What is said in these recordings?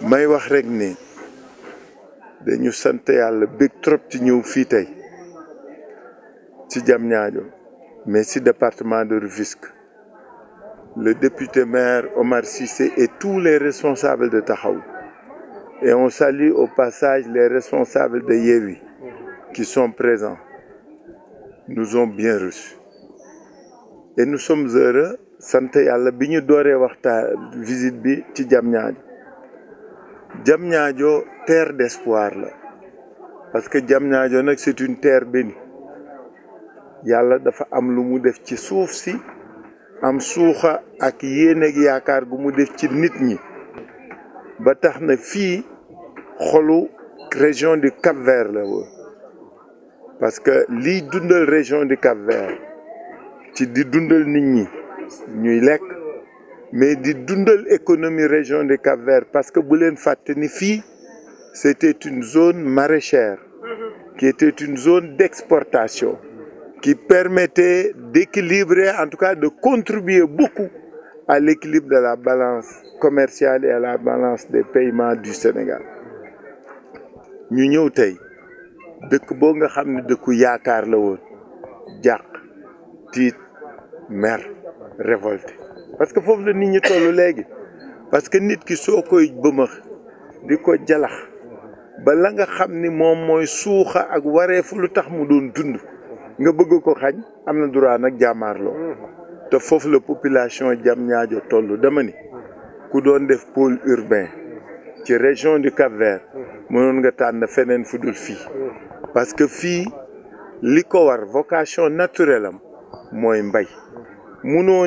may wax rek ni dañu sant yalla big trop ci ñëw fi tay ci département de Rufisque le député maire Omar Cissé et tous les responsables de Tahaou. et on salue au passage les responsables de yewi, qui sont présents nous ont bien reçus et nous sommes heureux Santé yàlla bi ñu visite bi Tidjam Diamniadio terre d'espoir la parce que Diamniadio nag c'est une terre bénie yàlla dafa am lu mu def ci suuf si am suuxa ak yéeneeg yaakaar gu mu def ci nit ñi ba tax na fii xolu région du Cap-Vert la woon parce que liy dundal région du Cap-Vert ci di dundal nit ñi ñuy lekk mais du dundal économie région des Cap-Vert parce que Boulen fatenifi c'était une zone maraîchère qui était une zone d'exportation qui permettait d'équilibrer, en tout cas de contribuer beaucoup à l'équilibre de la balance commerciale et à la balance des paiements du Sénégal. nous parce que foofu la nit ñi toll léegi parce que nit ki soo koy bëmax di ko jalax bala nga xam ni moom mooy suuxa ak wareefu lu tax mu doon dund nga bëgg ko xañ am na droit nag jàmmaarloo te foofu la population jam ñaajo toll dama ni ku doon def pôle urbain ci région du Cap-Vert mënoon nga tànn feneen fu dul fii parce que fii li ko war vocation naturelle am mooy mbay munoo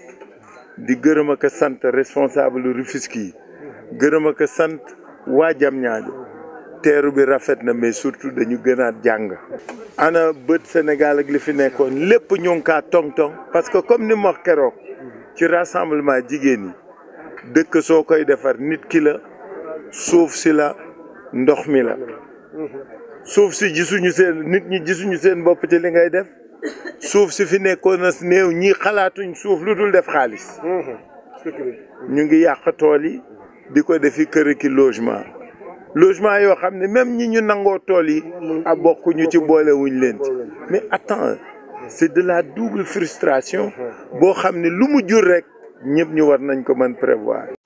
di gërëm ak sant responsable Rufisque yi gërëm ak sant waa Diamniadio teeru bi rafet na mais surtout dañu gënaat jàng. ana bët Sénégal ak li fi nekkoon lépp ñu ngi kaa tong-tong parce que comme ni ma keroog ci rassemblement jigéen yi dëkk soo koy defar nit ki la suuf si la ndox mi la suuf si gisuñu seen nit ñi gisuñu seen bopp ci li ngay def. suuf si fi nekkoon na néew ñii xalaatuñ suuf lu dul def xaalis. ñu ngi yàq tool yi di ko defi kër ki logement logement yoo xam ne même ñi ñu nangoo tool yi a bokk ñu ci boole wuñ leen ci mais attends c'est de la double frustration boo xam ne lu mu jur rek ñëpp ñu war nañ ko mën prévoir.